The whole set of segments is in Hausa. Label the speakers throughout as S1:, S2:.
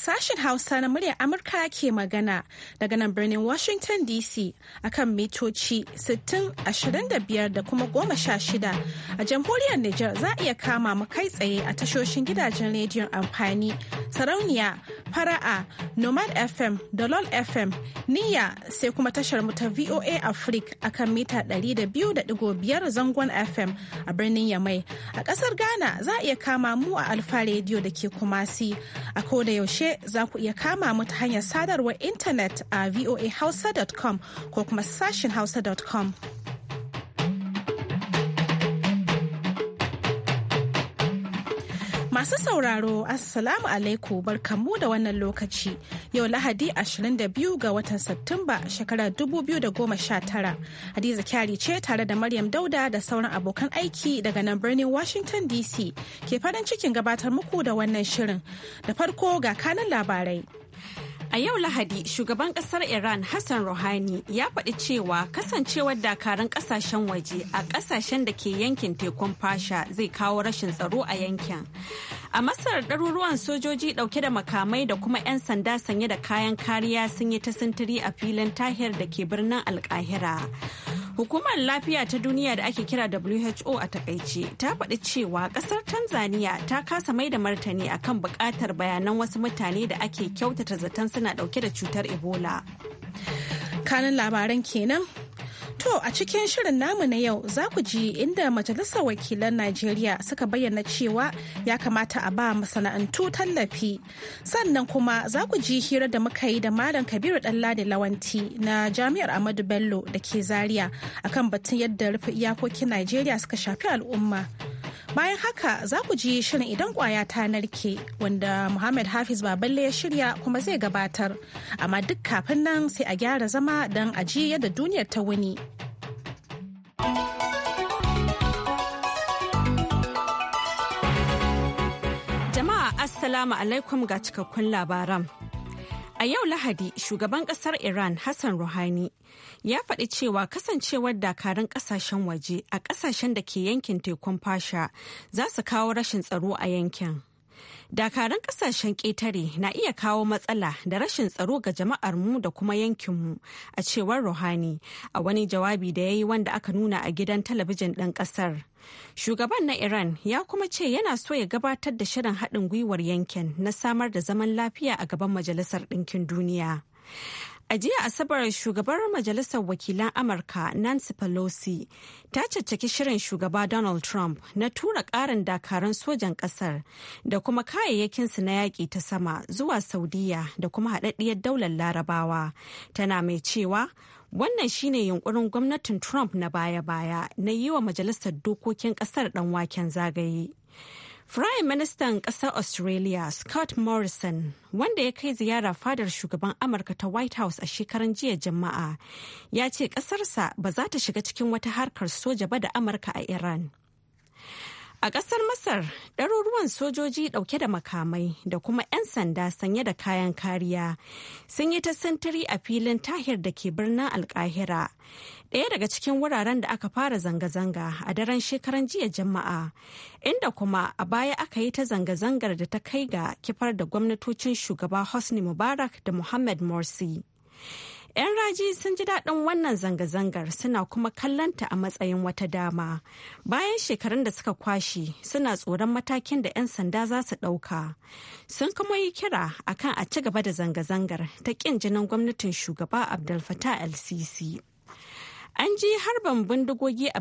S1: Sashen Hausa na muryar Amurka ke magana daga nan birnin Washington DC akan mitoci sittin ashirin da kuma 16 a jamhuriyar Nijar za a iya kama mu kai tsaye a tashoshin gidajen rediyon amfani sarauniya fara'a nomad fm da lol fm niyya sai kuma tashar mu ta voa africa akan mita 200.5 zangon fm a birnin yamai a kasar ghana za a iya kama mu a alfa rediyo da ke kumasi a koda yaushe za ku iya kama mu ta hanyar sadarwar intanet a voahausa.com ko kuma sashin hausa.com. Masu sauraro, Assalamu alaikum barkamu da wannan lokaci. Yau Lahadi 22 ga watan Satumba shekarar 2019. Hadiza Kyari ce tare da Maryam Dauda da sauran abokan aiki daga nan birnin Washington DC ke farin cikin gabatar muku da wannan shirin. Da farko ga kanan labarai.
S2: A yau Lahadi, shugaban kasar
S1: Iran Hassan Rouhani
S2: ya faɗi cewa kasancewar dakarun kasashen waje a kasashen da ke yankin tekun fasha zai kawo rashin tsaro a yankin. A Masar ɗaruruwan sojoji ɗauke da makamai da kuma 'yan sanda sanye da kayan kariya sun yi ta sintiri a filin tahir da ke birnin Alkahira. Hukumar lafiya ta duniya da ake kira WHO a takaice ta faɗi cewa ƙasar Tanzania ta kasa mai da martani akan buƙatar bayanan
S1: wasu mutane da ake kyautata zaton suna ɗauke da cutar Ebola. Kanin labaran kenan To a cikin shirin namu na yau za ku ji inda Majalisar Wakilan Najeriya suka bayyana cewa ya kamata a ba masana'antu tallafi. Sannan kuma za ku ji hira da muka yi da Malam Kabiru Ɗanladi Lawanti na Jami'ar Ahmadu Bello da ke Zaria akan batun yadda rufe iyakokin Najeriya suka shafi al'umma. Bayan haka za ku ji shirin idan kwaya ta narke wanda Muhammad Hafiz Baballe ya shirya kuma zai gabatar. Amma duk kafin nan sai a gyara zama don ajiye ji yadda duniyar ta wuni.
S2: Jama'a Assalamu alaikum ga cikakkun labaran. A yau Lahadi, shugaban kasar Iran Hassan Rouhani ya faɗi cewa kasancewar dakarun kasashen waje a kasashen da ke yankin tekun fasha za su kawo rashin tsaro a yankin. Dakarun kasashen ƙetare na iya kawo matsala da rashin tsaro ga jama'ar mu da kuma yankinmu a cewar Rouhani a wani jawabi da ya yi wanda aka nuna a gidan talabijin ɗin ƙasar. Shugaban na Iran ya kuma ce yana so ya gabatar da shirin haɗin gwiwar yankin na samar da zaman lafiya a gaban Majalisar Ɗinkin Duniya. A jiya Asabar shugabar Majalisar Wakilan Amurka Nancy Pelosi ta caccaki shirin shugaba Donald Trump na tura ƙarin dakarun sojan ƙasar da kuma kayayyakinsu na yaƙi ta sama zuwa Saudiya da kuma haɗaɗɗiyar daular larabawa. Tana mai cewa Wannan shine yunkurin gwamnatin Trump na baya-baya na yi wa Majalisar Dokokin Ƙasar ɗan waken zagaye. Prime Ministan ƙasar Australia Scott Morrison, wanda ya kai ziyara fadar shugaban Amurka ta White House a shekaran jiya Juma'a, ya ce ƙasarsa ba za ta shiga cikin wata harkar soja ba da Amurka a Iran. A ƙasar Masar, ɗaruruwan sojoji ɗauke da makamai da kuma 'yan sanda sanye da kayan kariya sun yi ta sintiri a filin tahir da ke birnin Alƙahira. Ɗaya daga cikin wuraren da aka fara zanga-zanga a daren shekaran jiya jama'a, inda kuma a baya aka yi ta zanga-zangar da ta kai ga kifar da gwamnatocin shugaba Hosni Mubarak da Muhammad Morsi. 'Yan raji sun ji daɗin wannan zanga-zangar suna kuma kallanta a matsayin wata dama. Bayan shekarun da suka kwashe suna tsoron matakin da 'yan sanda za su ɗauka. Sun kuma yi kira akan a ci gaba da zanga-zangar ta ƙin jinin gwamnatin shugaba Abdul Fattah LCC. An ji harban bindigogi a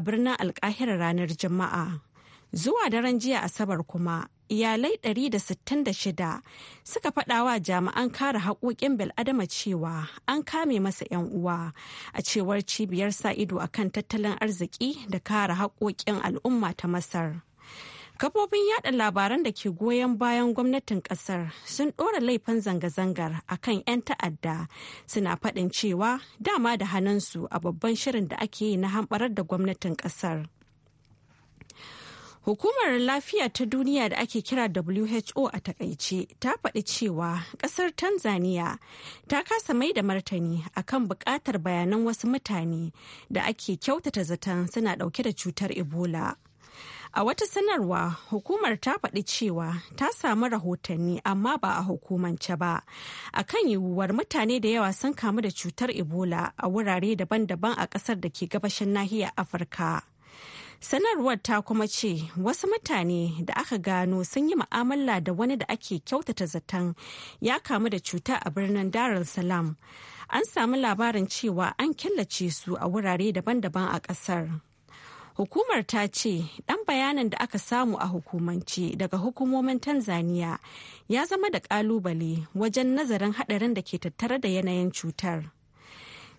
S2: birnin alkahira ranar Juma'a. Zuwa daren jiya Asabar kuma iyalai 166 suka faɗa wa jami'an kare haƙoƙin bil'adama cewa an kame masa 'yan uwa a cewar cibiyar sa ido kan tattalin arziki da kare haƙoƙin al'umma ta masar kafofin yada labaran da ke goyon bayan gwamnatin kasar sun ɗora laifin zanga-zangar a kan 'yan ta'adda suna faɗin cewa dama da hannunsu a babban shirin da ake yi na hamɓarar da gwamnatin ƙasar. Hukumar lafiya ta duniya da ake kira WHO a takaice ta faɗi cewa ƙasar Tanzania ta kasa mai da martani akan buƙatar bayanan wasu mutane da ake kyautata zaton suna ɗauke da cutar Ebola. A wata sanarwa, hukumar ta faɗi cewa ta samu rahotanni amma ba a hukumance ba. Akan yiwuwar mutane da yawa sun kamu da cutar Ebola a wurare daban-daban a ƙasar da ke gabashin nahiyar Afirka. sanarwar ta kuma ce wasu mutane da aka gano sun yi ma'amala da wani da ake kyautata zaton ya kamu da cuta a birnin darul salam an samu labarin cewa an killace su a wurare daban-daban a ƙasar hukumar ta ce ɗan bayanin da aka samu a hukumance daga hukumomin tanzania ya zama da ƙalubale wajen nazarin haɗarin da ke tattare da yanayin cutar.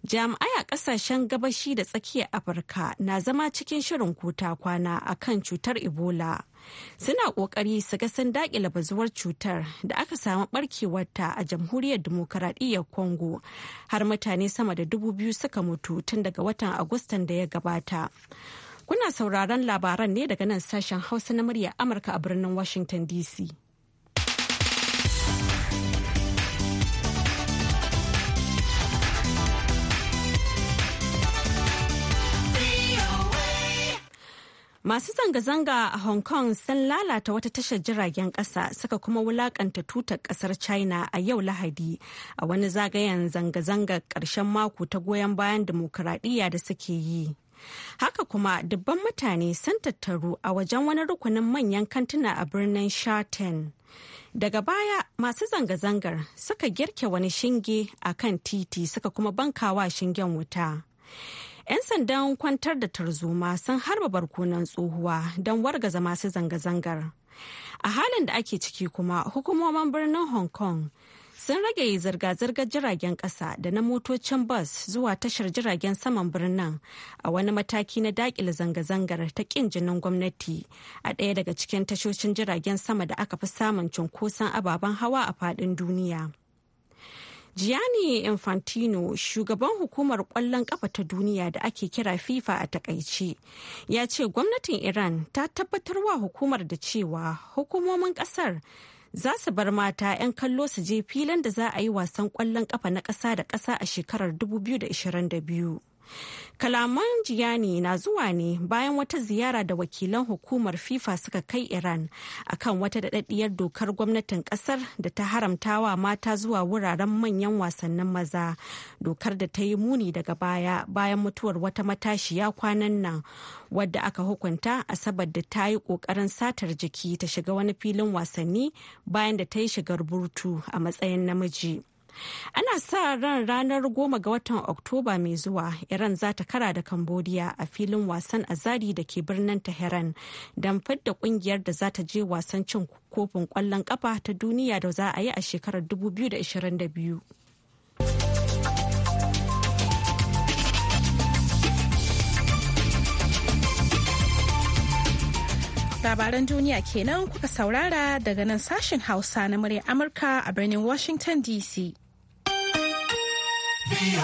S2: jami'ai a kasashen gabashi da tsakiyar afirka na zama cikin shirin kuta kwana a kan cutar ebola suna kokari su ga sun dakila bazuwar cutar da aka samu barkewarta a jamhuriyar demokaradiyyar congo har mutane sama da dubu biyu suka mutu tun daga watan agustan da ya gabata kuna sauraron labaran ne daga nan sashen hausa na murya amurka a birnin washington dc Masu zanga-zanga a Hong Kong sun lalata wata tashar jiragen kasa suka kuma wulakanta tutar ƙasar China a yau Lahadi a wani zagayen zanga-zangar ƙarshen mako ta goyon bayan dimokuraɗiyya da suke yi. Haka kuma dubban mutane sun tattaru a wajen wani rukunin manyan kantuna a birnin Shaten. Daga baya masu zanga-zangar suka girke wani shinge a kan titi suka kuma bankawa shingen wuta. 'Yan sandan kwantar da tarzoma sun harba barkonan tsohuwa don wargaza masu zanga-zangar. A halin da ake ciki kuma hukumomin birnin Hong Kong sun rage zirga-zirgar jiragen kasa da na motocin bus zuwa tashar jiragen saman birnin a wani mataki na dakile zanga-zangar ta kin jinin gwamnati a ɗaya daga cikin tashoshin jiragen sama da aka fi samun cunkoson ababen hawa a faɗin duniya. Gianni Infantino, shugaban hukumar kwallon kafa ta duniya da ake kira FIFA a takaice, ya ce gwamnatin Iran ta tabbatar wa hukumar da cewa hukumomin kasar za su bar mata 'yan kallo su je filin da za a yi wasan kwallon kafa na ƙasa da ƙasa a shekarar 2022. Kalaman Jiyani na zuwa ne bayan wata ziyara da wakilan hukumar FIFA suka kai Iran akan wata daɗaɗɗiyar dokar gwamnatin ƙasar da ta haramtawa mata zuwa wuraren manyan wasannin maza. Dokar da ta yi muni daga baya bayan mutuwar wata matashiya kwanan nan wadda aka hukunta asabar da ta yi ƙoƙarin satar jiki ta shiga wani filin wasanni bayan da ta yi shigar burtu a matsayin namiji. Ana sa ran ranar goma ga watan Oktoba mai zuwa Iran za ta kara da Cambodia a filin wasan azari da ke birnin Tehran don fidda kungiyar da za ta je wasan cin kofin kwallon kafa ta duniya da za a yi a shekarar 2022.
S1: labaran duniya kenan kuka saurara daga nan sashen hausa na murya amurka a birnin washington dc A ƙoƙarin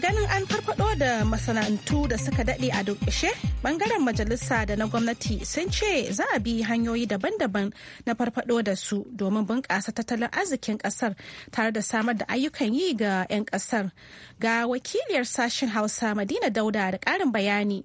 S1: ganin an farfado da masana'antu da suka daɗe a durƙushe, ɓangaren majalisa da na gwamnati sun ce za a bi hanyoyi daban-daban na farfaɗo da su domin bunƙasa tattalin arzikin ƙasar tare da samar da ayyukan yi ga 'yan ƙasar. Ga wakiliyar sashen Hausa Madina Dauda da ƙarin bayani.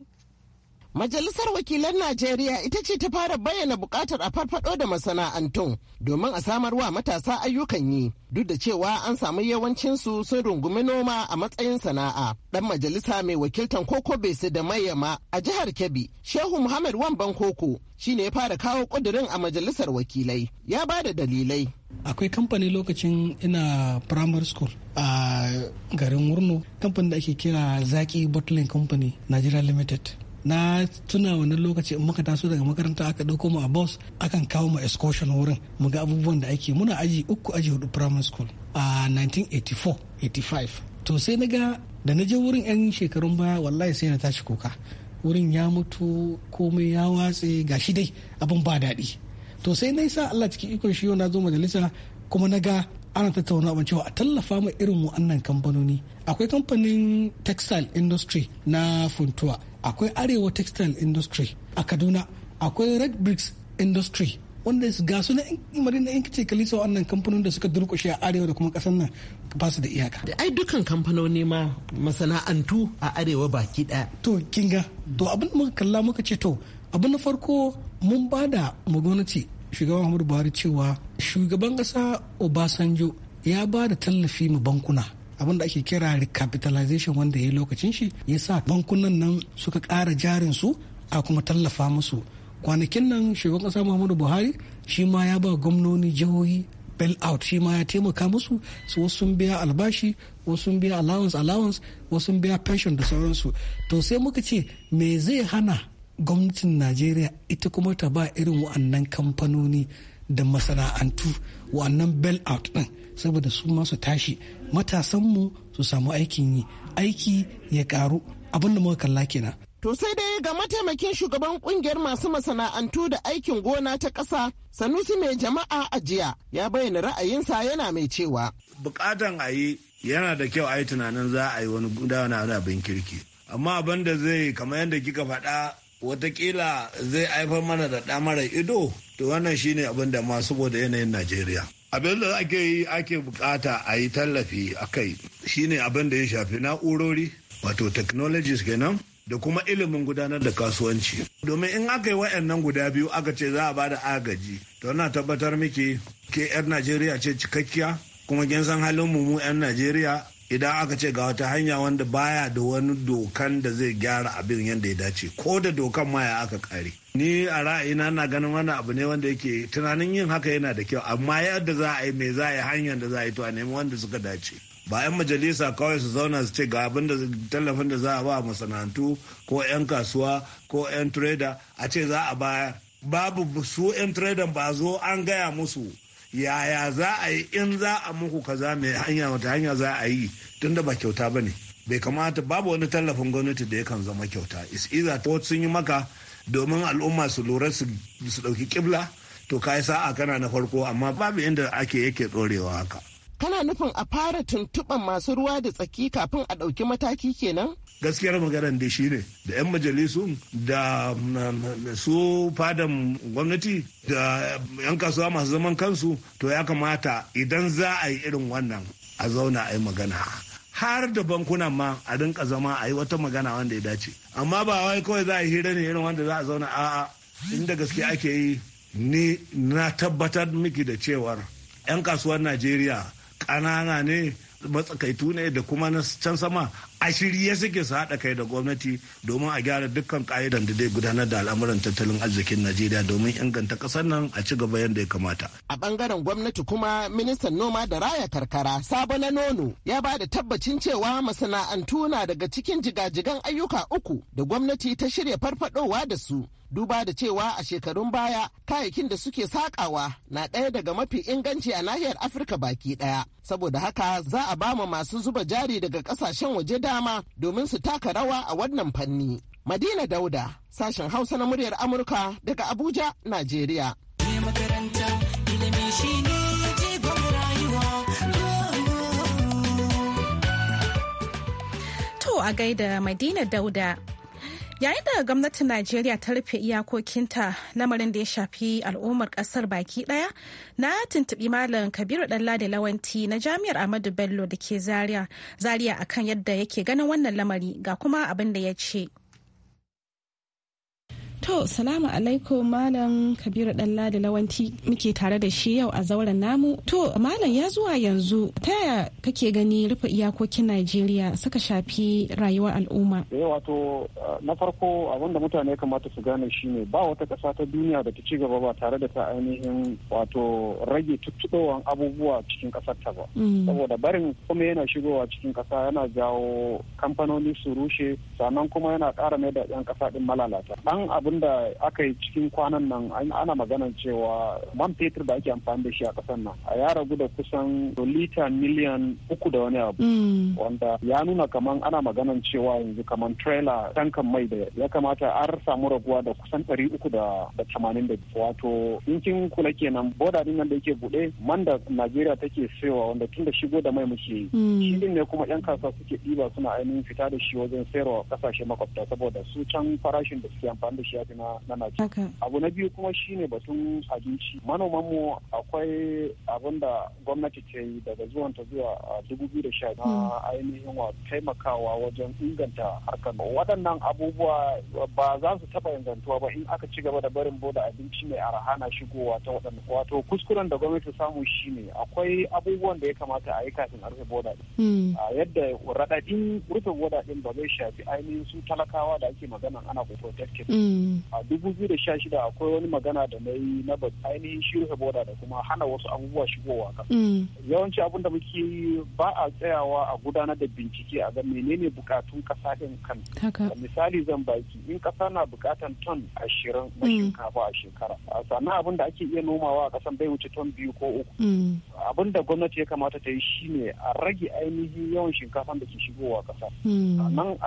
S1: Majalisar Wakilan Najeriya ita ce ta fara bayyana bukatar
S3: a farfado da masana'antun domin a samar wa matasa ayyukan yi duk da cewa an samu yawancinsu sun rungumi noma a matsayin sana'a. Dan majalisa mai wakiltan koko bese da mayama a jihar Kebbi, Shehu Muhammad Wamban Koko shi ne ya fara kawo kudirin a majalisar wakilai. Ya ba da dalilai.
S4: Akwai kamfani lokacin ina primary school a garin Wurno, kamfani da ake kira Zaki Bottling Company Nigeria Limited. na tuna wannan lokaci in muka taso daga makaranta aka ɗauko mu a bus akan kawo mu excursion wurin mu ga abubuwan da ake muna aji uku aji hudu primary school a 1984-85 to sai na ga da na je wurin 'yan shekarun baya wallahi sai na tashi kuka wurin ya mutu komai ya watse gashi dai abin ba daɗi to sai na sa Allah cikin ikon shi na zo majalisa kuma na ga ana tattauna abin cewa a tallafa ma irin wa'annan kamfanoni akwai kamfanin textile industry na funtuwa akwai arewa textile industry a kaduna akwai red bricks industry wanda ga su na marina in ce kalisa wannan kamfanin da suka durkushe a arewa da kuma kasan nan ba su da iyaka
S3: ai dukkan kamfanoni ma masana'antu a arewa baki daya
S4: to kinga to abin da muka kalla muka ce to abin na farko mun ba da mu shugaban muhammadu buhari cewa shugaban kasa obasanjo ya ba da tallafi ma bankuna abin da ake kira recapitalization wanda ya yi lokacin shi ya sa bankunan nan suka ƙara jarin su a kuma tallafa musu kwanakin nan shugaban ƙasa muhammadu buhari shi ma ya ba gwamnoni jihohi bail out shi ma ya taimaka musu su wasu sun biya albashi wasu sun biya allowance allowance wasu sun biya pension da sauransu to sai muka ce me zai hana gwamnatin najeriya ita kuma ta ba irin wa'annan kamfanoni da masana'antu wannan bell out din saboda su ma su tashi matasanmu su samu aikin yi aiki ya karu abinda muka kalla kenan
S3: To sai dai ga mataimakin shugaban kungiyar masu masana'antu da aikin gona ta ƙasa Sanusi mai jama'a a jiya ya bayyana ra'ayinsa yana mai cewa.
S5: Bukatan a yi yana da kyau a yi tunanin za a yi wani guda da abin kirki. Amma abin da zai kamar yadda kika faɗa watakila zai haifar mana da ɗa ido to wannan shine abin da ma saboda yanayin najeriya abin da ake yi ake bukata a yi tallafi a kai shine abin da ya shafi na'urori wato technologies kenan da kuma ilimin gudanar da kasuwanci domin in aka yi wa'annan guda biyu aka ce za a ba da agaji to na tabbatar miki ke 'yar najeriya ce cikakkiya kuma kin san halin mu mu 'yan najeriya idan aka ce ga wata hanya wanda baya da wani dokan da zai gyara abin yadda ya dace ko da dokan ma ya aka kare ni a ra'ayina na ganin wani abu ne wanda yake tunanin yin haka yana da kyau amma yadda za a yi mai za a yi hanyar da za a yi to a nemi wanda suka dace ba 'yan majalisa kawai su zauna su ce ga abin da tallafin da za a ba masana'antu ko 'yan kasuwa ko 'yan trader a ce za a bayar babu su 'yan trader ba zo an gaya musu yaya za a yi in za a muku kaza mai hanya wata hanya za a yi tunda ba kyauta ba ne bai kamata babu wani tallafin gwamnati da ya kan zama kyauta is either ta sun yi maka domin al'umma su lura su ɗauki kibla to ka yi sa'a kana na farko amma babu inda ake yake ɗorewa haka
S3: kana nufin a fara tuntuɓan masu ruwa da tsaki kafin a ɗauki mataki kenan?
S5: gaskiyar maganar da shi ne da 'yan majalisun da su fadan gwamnati da 'yan kasuwa masu zaman kansu to ya kamata idan za a yi irin wannan a zauna a yi magana har da bankunan ma a rinka zama a yi wata magana wanda ya dace amma ba wai kawai za a yi hira ne irin wanda za a zauna a inda gaske ake yi ni na tabbatar miki da cewar 'yan kasuwar najeriya kanana ne matsakaitu ne da kuma na can sama a shirye suke su haɗa kai da gwamnati domin a gyara dukkan ka'idan da zai gudanar da al'amuran tattalin arzikin najeriya domin inganta ƙasar nan a ci gaba yadda ya kamata
S3: a bangaren gwamnati kuma ministan noma da raya karkara sabo na nono ya ba da tabbacin cewa masana'antu na daga cikin jigajigan ayyuka uku da gwamnati ta shirya farfadowa da su duba da cewa a shekarun baya kayayyakin da suke sakawa na ɗaya daga mafi inganci a nahiyar afirka baki ɗaya saboda haka za a ba ma masu zuba jari daga ƙasashen waje dama domin su taka rawa a wannan fanni madina dauda sashen hausa na muryar amurka daga abuja najeriya
S1: To a gaida Madina Dauda yayin da gwamnatin najeriya ta rufe iyakokinta lamarin da ya shafi al'ummar kasar baki daya na tuntubi malam kabiru dalla da lawanti na jami'ar ahmadu bello da ke zaria akan yadda yake ganin wannan lamari ga kuma abin da ya ce To, salamu alaikum Malam Kabiru Dalla da Lawanti muke tare da shi yau a zauren namu. To, Malam ya zuwa yanzu ta yaya kake gani rufe iyakokin Najeriya suka shafi rayuwar al'umma?
S6: Eh wato na farko abin da mutane kamata su gane shi ne ba wata ƙasa ta duniya da ta ci gaba ba tare da ta ainihin wato rage tuttuɗowan abubuwa cikin ƙasar ta ba. Mm. Saboda barin kuma yana shigowa cikin ƙasa yana jawo kamfanoni su rushe sannan kuma yana ƙara mai da 'yan ƙasa ɗin malalata. Ɗan abu tunda aka yi cikin kwanan nan ana maganan cewa man fetur da ake amfani da shi a ƙasar nan a ya ragu da kusan lita miliyan uku da wani abu mm. wanda ya nuna kaman ana maganan cewa yanzu kaman trailer tankan mai da ya kamata an samu raguwa da kusan ɗari uku da tamanin da wato in kin kula kenan boda din nan da yake buɗe man da najeriya take sayowa wanda tun da shigo da mai muke yi mm. shi din ne kuma yan kasuwa suke ɗiba suna ainihin fita da shi wajen sayarwa ƙasashe makwabta saboda su can farashin da suke amfani da shi yadi na Abu na biyu kuma shine batun abinci. Manoman mu akwai abin da gwamnati ta yi daga zuwan ta zuwa a dubu biyu da sha na hmm. ainihin wa taimakawa wajen inganta harkar. Waɗannan abubuwa ba za su taɓa ingantuwa ba in aka ci gaba da barin boda abinci mai arahana shigowa ta waɗanda. Wato kuskuren da gwamnati samu shine akwai abubuwan da ya kamata a yi kafin a rufe boda. Hmm. Yadda raɗaɗin rufe boda ɗin ba zai shafi ainihin su talakawa da ake magana ana ko protected. Hmm. a dubu biyu da sha shida akwai wani magana da na yi na ainihin shirya boda da kuma hana wasu abubuwa shigowa kan mm. yawanci abin da muke yi ba a tsayawa a gudanar da bincike a ga menene bukatun kasa din kan misali zan baki in kasa na bukatan ton ashirin na mm. shinkafa a shekara sannan abin da ake iya nomawa a kasan bai wuce ton biyu ko uku mm. abin da gwamnati ya kamata ta yi shine a rage ainihin yawan shinkafan da ke shigowa kasa sannan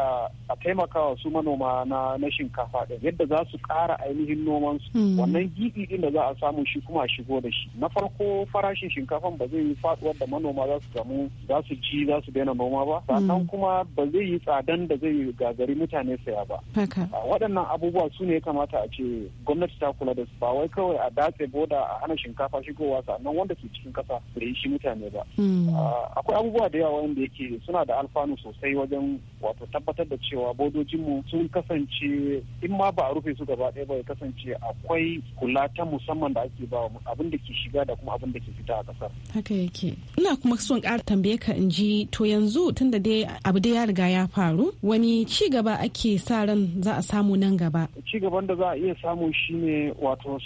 S6: a taimakawa su manoma na shinkafa yadda za su ƙara ainihin noman su hmm. wannan gidi din da za a samu shi kuma a shigo da shi na farko farashin shinkafan ba zai yi faduwar da manoma za su samu za su ji za su daina noma ba hmm. sannan kuma ba zai yi tsadan da zai gagari mutane saya ba waɗannan abubuwa su ne kamata a ce gwamnati ta kula da su ba wai kawai a datse boda a hana shinkafa shigowa sannan wanda ke cikin kasa bai yi shi mutane ba hmm. akwai abubuwa da yawa wanda yake suna da alfanu sosai wajen wato tabbatar da cewa bodojinmu sun kasance in ma ba a rufe su gaba ɗaya ba ya kasance akwai kula ta musamman da ake ba abin da ke shiga da kuma abin da ke fita a ƙasar.
S1: Haka yake. Ina kuma son ƙara tambaye ka in ji to yanzu tun da dai abu da ya riga ya faru wani ci gaba ake sa ran za a samu nan gaba.
S6: Ci gaban da za a iya samu shine wato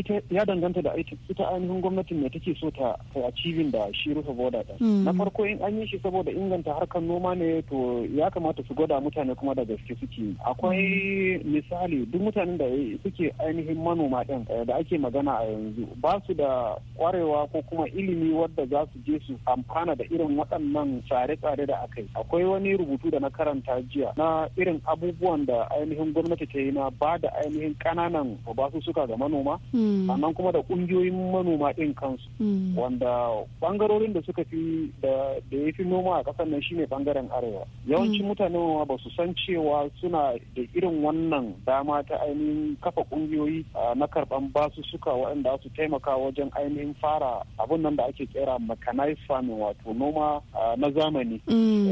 S6: ita ya danganta da aikin ita ainihin gwamnatin ne take so ta achievin da shi rufe border din hmm. na farko in an yi shi saboda inganta harkar noma ne to ya kamata su gwada mutane kuma da gaske suke akwai misali duk mutanen da suke ainihin manoma din eh, da ake magana a yanzu ba su da kwarewa ko kuma ilimi wadda za su je su amfana da irin waɗannan tsare-tsare da aka yi akwai wani rubutu da na karanta jiya na irin abubuwan da ainihin gwamnati ta yi na ba da ainihin ba su suka ga manoma hmm. Mm. sannan kuma da kungiyoyin manoma ɗin kansu mm. wanda bangarorin da suka fi da ya fi noma a kasar nan shine bangaren arewa yawancin mm. mutane ba su san cewa suna da irin wannan dama ta ainihin kafa kungiyoyi na karɓan basu suka waɗanda su taimaka wajen ainihin fara abun nan da ake kera mechanized farming wato noma na zamani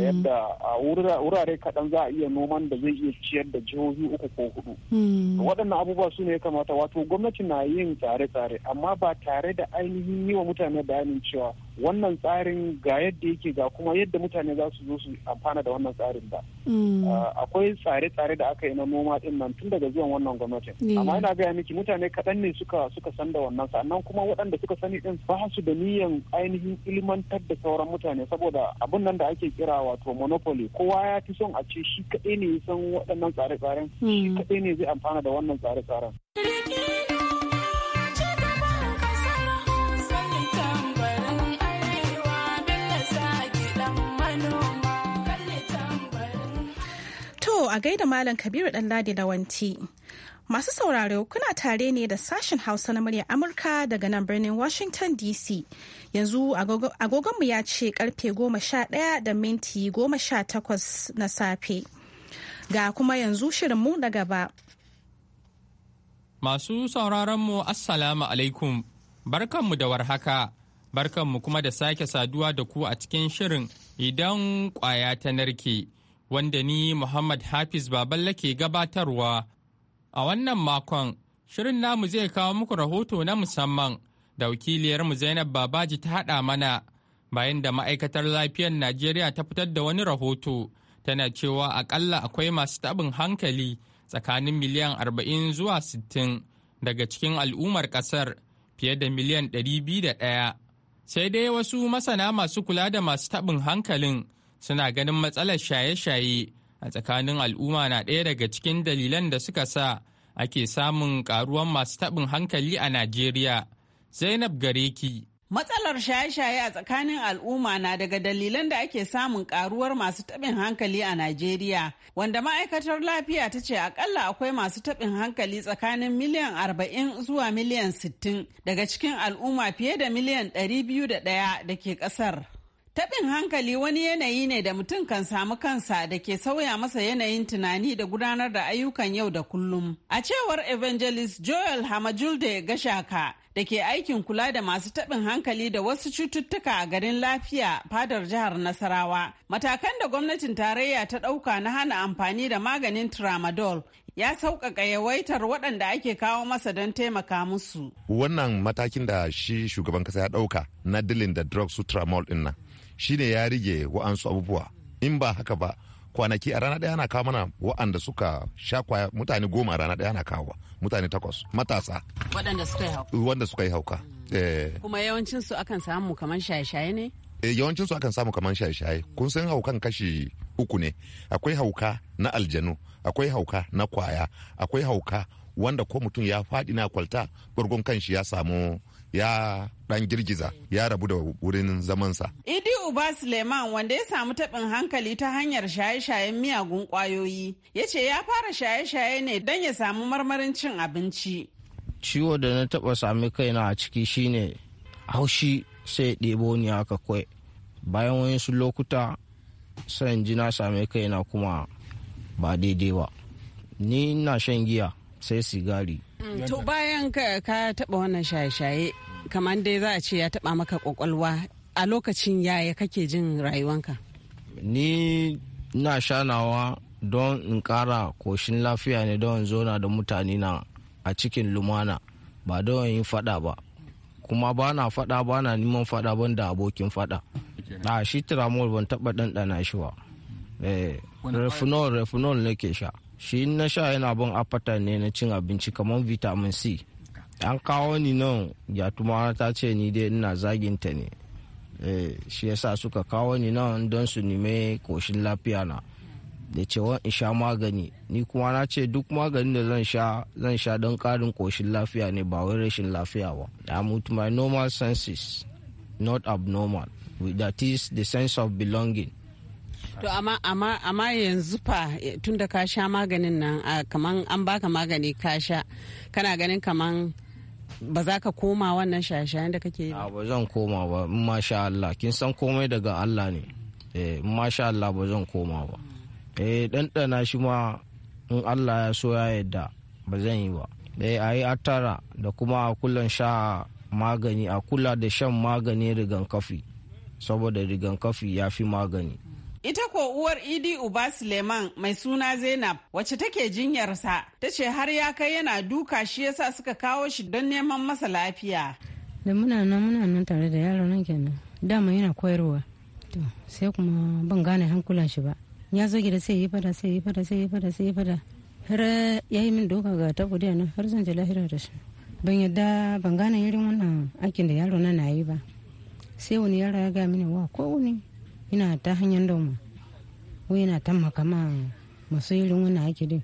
S6: yadda a wurare kaɗan za a iya noman da zai iya ciyar da jihohi uku ko hudu waɗannan abubuwa su ne ya kamata wato gwamnati na yi yin tsare-tsare amma ba tare da ainihin yi wa mutane bayanin cewa wannan tsarin ga yadda yake ga kuma yadda mutane za su zo su amfana da wannan tsarin ba
S7: mm. ah,
S6: akwai tsare-tsare da aka yi na noma din nan tun daga zuwan wannan gwamnatin amma yana gaya miki mutane kaɗan ne suka suka san da wannan sannan kuma waɗanda suka sani din ba su da niyyan ainihin ilmantar da sauran mutane saboda abin nan da ake kira wato monopoly kowa ya fi son a ce shi kaɗai ne ya san waɗannan tsare-tsaren shi mm. kaɗai ne zai amfana da wannan tsare-tsaren.
S1: To a gaida Malam Kabiru Ɗanladi Lawanti. Masu sauraro kuna tare ne da sashen Hausa na muryar Amurka daga nan birnin Washington DC. Yanzu agogonmu ya ce karfe goma sha ɗaya da minti goma sha takwas na safe. Ga kuma yanzu shirinmu na gaba.
S8: Masu sauraronmu Assalamu alaikum, barkanmu da warhaka, barkanmu kuma da sake saduwa da ku a cikin shirin idan kwaya ta narke. wanda ni Muhammad Hafiz Baballe ke gabatarwa. A wannan makon, shirin namu zai kawo muku rahoto na musamman da wakiliyarmu Zainab Babaji ta haɗa mana bayan da ma'aikatar lafiyar Najeriya ta fitar da wani rahoto tana cewa akalla akwai masu taɓin hankali tsakanin miliyan arba'in zuwa sittin daga cikin al'ummar ƙasar fiye da miliyan ɗari biyu da ɗaya. Sai dai wasu masana masu kula da masu taɓin hankalin suna ganin matsalar shaye-shaye a tsakanin al'umma na ɗaya daga cikin dalilan da suka sa ake samun ƙaruwan masu taɓin hankali a Najeriya. Zainab Gareki.
S9: Matsalar shaye-shaye a tsakanin al'umma na daga dalilan da ake samun karuwar masu taɓin hankali a Najeriya, wanda ma'aikatar lafiya ta ce akalla akwai masu taɓin hankali tsakanin miliyan 40 zuwa miliyan 60 daga cikin al'umma fiye da miliyan 201 da ke ƙasar. Taɓin hankali wani yanayi ne da mutum kan samu kansa da ke sauya masa yanayin tunani da gudanar da ayyukan yau da kullum. A cewar Evangelist Joel Hamajulde Gashaka da ke aikin kula da masu taɓin hankali da wasu cututtuka a garin lafiya fadar jihar Nasarawa. Matakan da gwamnatin tarayya ta ɗauka na hana amfani da maganin tramadol ya sauƙaƙa yawaitar waɗanda ake kawo masa don taimaka musu.
S3: Wannan matakin da shi shugaban kasa ya ɗauka na dilin da drugs su tramol ɗin nan shine ya rige wa'ansu abubuwa in ba haka ba kwanaki a rana ɗaya ana kawo mana wa'anda suka sha kwaya mutane goma a rana ɗaya ana kawo mutane takwas matasa
S9: waɗanda suka yi hauka
S3: wanda suka yi hauka eh.
S9: kuma yawancin su akan samu kamar shaye-shaye ne
S3: eh, yawancin su akan samu kamar shaye-shaye kun san haukan kashi uku ne akwai hauka na aljanu akwai hauka na kwaya akwai hauka wanda ko mutum ya faɗi na kwalta bargon kanshi ya samu ya dan girgiza ya rabu da wurin zamansa.
S9: Idi Uba Suleiman wanda ya samu taɓin hankali ta hanyar shaye-shayen miyagun ƙwayoyi ya ce ya fara shaye-shaye ne don ya samu marmarin cin abinci.
S10: Ciwo da na taɓa sami kaina a ciki shine haushi sai ɗebo ni haka kwai. Bayan su lokuta sai ji na sami kaina kuma ba daidai ba. Ni na shan giya sai sigari
S9: To bayan ka taba wannan shaye-shaye, kamar dai za a ce ya taba maka kwakwalwa a lokacin yaya kake jin rayuwanka?
S10: Ni na shanawa don in kara koshin lafiya ne don zona da mutane na a cikin lumana ba don yin faɗa ba. Kuma ba na faɗa ba na neman faɗa ban da abokin faɗa. Na shi tiramol ban taɓa ɗanɗana shi ba. Eh, refunol ne ke sha shi na sha yana bin afata ne na cin abinci kamar vitamin c an kawo ni nan gyatuma ta ce ni dai ina zaginta ne eh, shi yasa suka kawo ni nan don su nime koshin lafiya na da cewa in sha magani ni kuma na ce duk maganin da zan sha zan sha don karin koshin lafiya ne ba wai rashin lafiya ba i'm with my normal senses not abnormal that is the sense of belonging
S9: To amma yanzu fa eh, tun da ka sha maganin nan kaman an baka magani ka sha kana ganin kaman ba za ka koma wannan shaye da kake yi ba? ba
S10: zan koma ba in masha Allah kin san komai daga Allah ne eh masha Allah ba zan koma ba eh ɗanɗana shi ma in Allah ya so ya yadda ba zan yi ba eh a yi atara da kuma a kula sha magani a kula da shan magani rigan kafi saboda rigan kafi ya fi magani
S9: Ita ko uwar Idi Uba Suleiman mai suna Zainab wacce take jinyarsa ta ce har ya kai yana duka shi yasa suka kawo shi don neman masa lafiya.
S7: Da muna nan muna nan tare da yaro nan kenan. Dama yana koyarwa. To sai kuma ban gane hankulan shi ba. Ya zo gida sai yi fada sai yi fada sai yi fada sai yi fada. Har ya yi min doka ga ta gudiya nan har zan ji lahira da shi. Ban yadda ban gane irin wannan aikin da yaro na na yi ba. Sai wani yaro ya gaya mini wa ko wani ina ta hanyar da mu ko yana ta makama masu irin wani ake din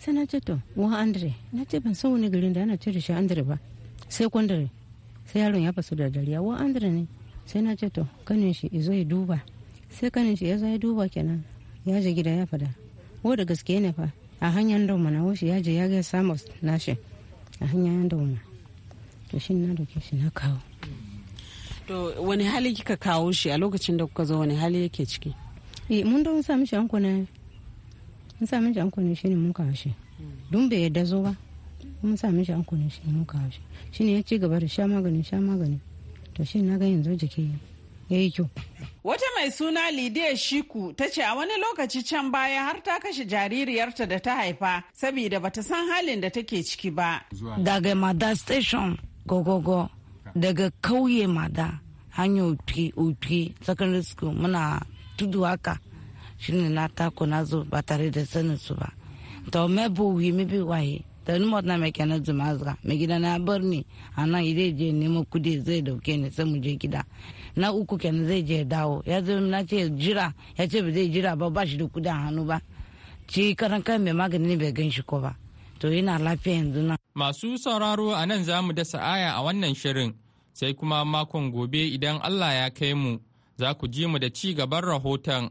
S7: sai na ce to wa andre na ce ban san wani garin da ana ce da shi andre ba sai kwandare sai yaron ya fasu da dariya wa andre ne sai na ce to kanin shi izo ya duba sai kanin shi ya zo ya duba kenan ya je gida ya fada wa da gaske ne fa a hanyar da na wasu ya je ya ga samus nashi a hanyar da to shi na doke shi na kawo
S9: To wani hali kika kawo shi a lokacin da kuka zo wani hali yake ciki?
S7: Eh, mun da mun sa mishi anko ne. Mun sa mishi shi ne mun kawo shi. Dun bai yadda zo ba. Mun sa mishi shi ne mun kawo shi. ne ya ci gaba da sha magani sha magani. To shi na ga yanzu jiki ya yi kyau.
S9: Wata mai suna Lidiya Shiku ta ce a wani lokaci can baya har ta kashe jaririyarta da ta haifa saboda bata san halin da take ciki ba. Daga Mada Station gogogo daga kauye mada
S7: hanyar oke secondary school muna tudu haka shi ne na tako na zo ba tare da sanin su ba to me bu wi mi bi waye da ni na me kana zuma azra me gida na bar ni anan ide je nemo kudi zai dauke ne sai mu je gida na uku kenan zai je dawo ya zo na ce jira ya ce ba zai jira ba ba shi da kudin hannu ba ci karan kan mai magani ne bai gan shi ko ba to yana lafiya yanzu na.
S8: Masu sauraro a nan za mu dasa aya a wannan shirin sai kuma makon gobe idan Allah ya kai mu za ku ji mu da ci gaban rahoton.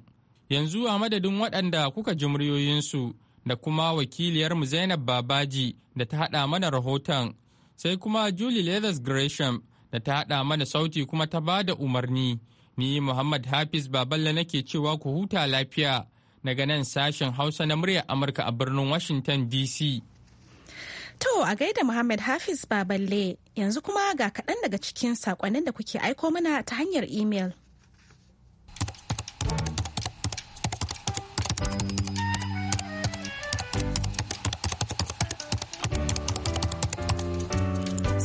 S8: Yanzu a madadin waɗanda kuka ji muryoyinsu da kuma wakiliyarmu Zainab Babaji da ta haɗa mana rahoton sai kuma Julie Leathers Gresham da ta haɗa mana sauti kuma ta ba da umarni. Ni Muhammad Hafiz Baballe nake cewa ku huta lafiya daga nan sashen Hausa na muryar Amurka a birnin Washington DC.
S1: To a gaida Muhammad Hafiz Baballe yanzu kuma ga kaɗan daga cikin saƙonnin da kuke aiko mana ta hanyar imel.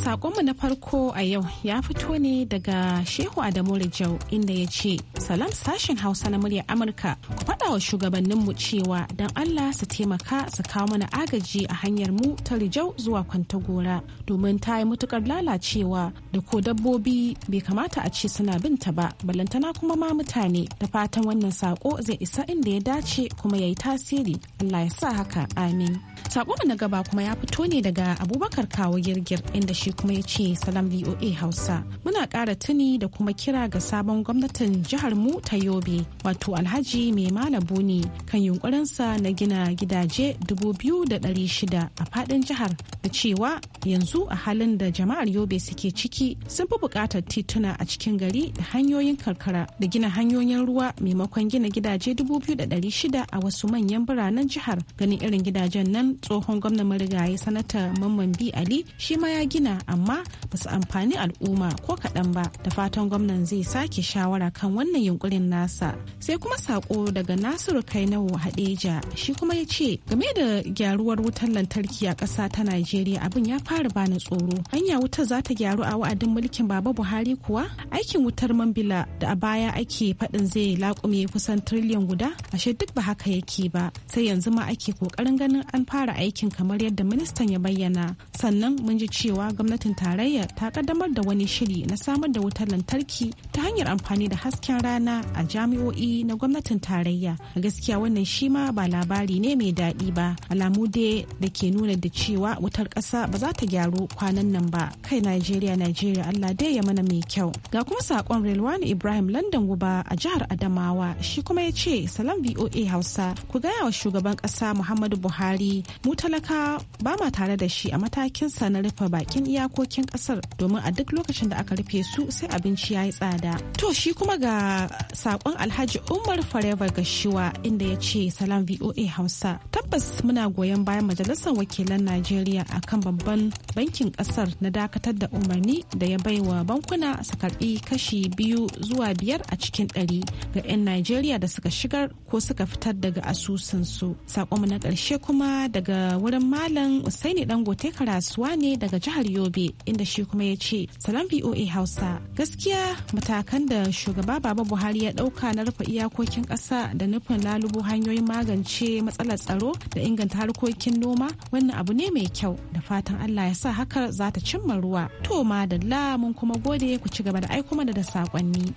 S1: Sakonmu na farko a yau ya fito ne daga Shehu Adamu Rijau inda ya ce, Salam sashen Hausa na muryar Amurka, ku faɗa wa shugabanninmu cewa don Allah su taimaka su kawo mana agaji a hanyar mu ta Rijau zuwa Kwantagora domin ta yi matukar lalacewa da ko dabbobi bai kamata a ce suna bin ta ba, balantana kuma ma mutane da fatan wannan sako zai isa inda ya dace kuma ya yi tasiri. Allah ya sa haka, amin. Sakonmu na gaba kuma ya fito ne daga Abubakar Kawo Girgir inda shi kuma ya ce salam VOA Hausa. Muna kara tuni da kuma kira ga sabon gwamnatin jihar mu ta Yobe wato Alhaji Mai Malabu buni kan yunkurinsa na gina gidaje 2,600 a fadin jihar da cewa yanzu a halin da jama'ar Yobe suke ciki sun fi bukatar tituna a cikin gari da hanyoyin karkara da gina hanyoyin ruwa maimakon gina gidaje 2,600 a wasu manyan biranen jihar ganin irin gidajen nan tsohon gwamnan marigayi sanata mamman bi ali shi ma ya gina amma ba su amfani al'umma ko kaɗan ba da fatan gwamnan zai sake shawara kan wannan yunkurin nasa sai kuma sako daga nasiru kainawo hadeja shi kuma ya ce game da gyaruwar wutar lantarki a ƙasa ta najeriya abin ya fara bani tsoro hanya wutar za ta gyaru a wa'adin mulkin baba buhari kuwa aikin wutar mambila da a baya ake faɗin zai laƙume kusan tiriliyan guda ashe duk ba haka yake ba sai yanzu ma ake kokarin ganin an fara aikin kamar yadda ministan ya bayyana sannan mun ji cewa gwamnatin tarayya ta kaddamar da wani shiri na samar da wutar lantarki ta hanyar amfani da hasken rana a jami'o'i na gwamnatin tarayya gaskiya wannan shi ma ba labari ne mai daɗi ba alamu dai da ke nuna da cewa wutar ƙasa ba za ta gyaru kwanan nan ba kai najeriya najeriya allah dai ya mana mai kyau ga kuma saƙon relwani ibrahim london guba a jihar adamawa shi kuma ya ce salam voa hausa ku gaya wa shugaban ƙasa muhammadu buhari mu talaka ba ma tare da shi a matakinsa na rufe bakin iyakokin kasar domin a duk lokacin da aka rufe su sai abinci ya yi tsada to shi kuma ga sakon alhaji umar forever shiwa inda ya ce salam voa hausa tabbas muna goyon bayan majalisar wakilan najeriya akan babban bankin kasar na dakatar da umarni da ya bai wa bankuna su karbi kashi biyu zuwa biyar a cikin ɗari ga 'yan najeriya da suka shigar ko suka fitar daga asusunsu sakonmu na ƙarshe kuma daga daga wurin Malam Usaini Dangote Karasuwa ne daga jihar Yobe inda shi kuma ya ce salam VOA Hausa gaskiya matakan da shugaba Baba Buhari ya dauka na rufe iyakokin ƙasa da nufin lalubo hanyoyin magance matsalar tsaro da inganta harkokin noma wannan abu ne mai kyau da fatan Allah ya sa haka za ta cimma ruwa. To madalla mun kuma gode ku ci gaba da aiko mana da sakonni.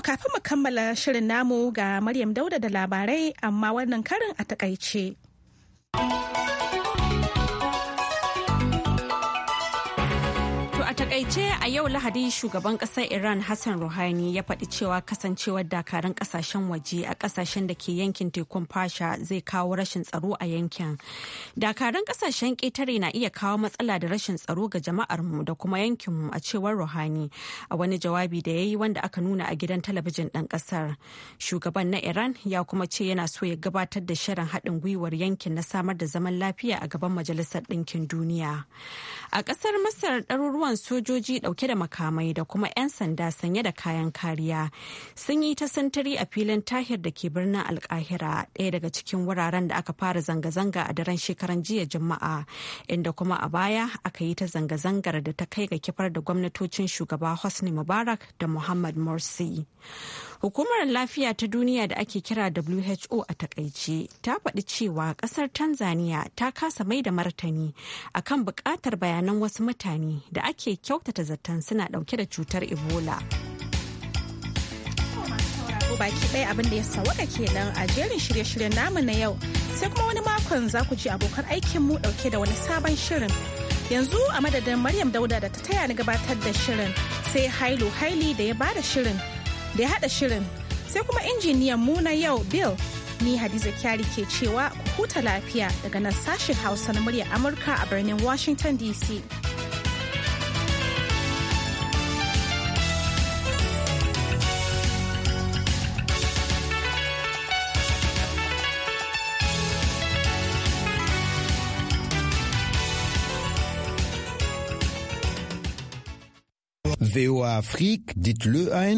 S1: To kafin mu kammala shirin namu ga Maryam Dauda da labarai amma wannan karin a takaice.
S2: yau Lahadi shugaban ƙasar Iran Hassan Rouhani ya faɗi cewa kasancewar dakarun ƙasashen waje a ƙasashen da ke yankin tekun fasha zai kawo rashin tsaro a yankin. Dakarun ƙasashen ƙetare na iya kawo matsala da rashin tsaro ga jama'armu da kuma yankinmu a cewar Rouhani a wani jawabi da ya yi wanda aka nuna a gidan talabijin ɗan ƙasar. Shugaban na Iran ya kuma ce yana so ya gabatar da shirin haɗin gwiwar yankin na samar da zaman lafiya a gaban Majalisar Ɗinkin Duniya. A ƙasar Masar ɗaruruwan sojoji ɗauke dauke da makamai da kuma 'yan sanda sanye da kayan kariya sun yi ta sintiri a filin tahir da ke birnin alkahira ɗaya daga cikin wuraren da aka fara zanga-zanga a daren shekaran jiya juma'a inda kuma a baya aka yi ta zanga-zangar da ta kai ga kifar da gwamnatocin shugaba hosni mubarak da muhammad morsi Hukumar lafiya ta duniya da ake kira WHO a takaice ta faɗi cewa ƙasar Tanzania ta kasa mai da martani akan buƙatar bayanan wasu mutane da ake kyautata zaton suna ɗauke da cutar Ebola.
S1: baki ɗaya abin da ya sawaka kenan a jerin shirye-shiryen namu na yau sai kuma wani makon za ku ji abokan mu ɗauke da wani sabon shirin yanzu a madadin maryam dauda da ta taya ni gabatar da shirin sai hailu haili da ya bada shirin da ya haɗa shirin sai kuma injiniyan mu na yau bill ni hadiza kyari ke cewa ku huta lafiya daga nan sashen hausa na murya amurka a birnin washington dc
S5: VOA Afrique, dites-le à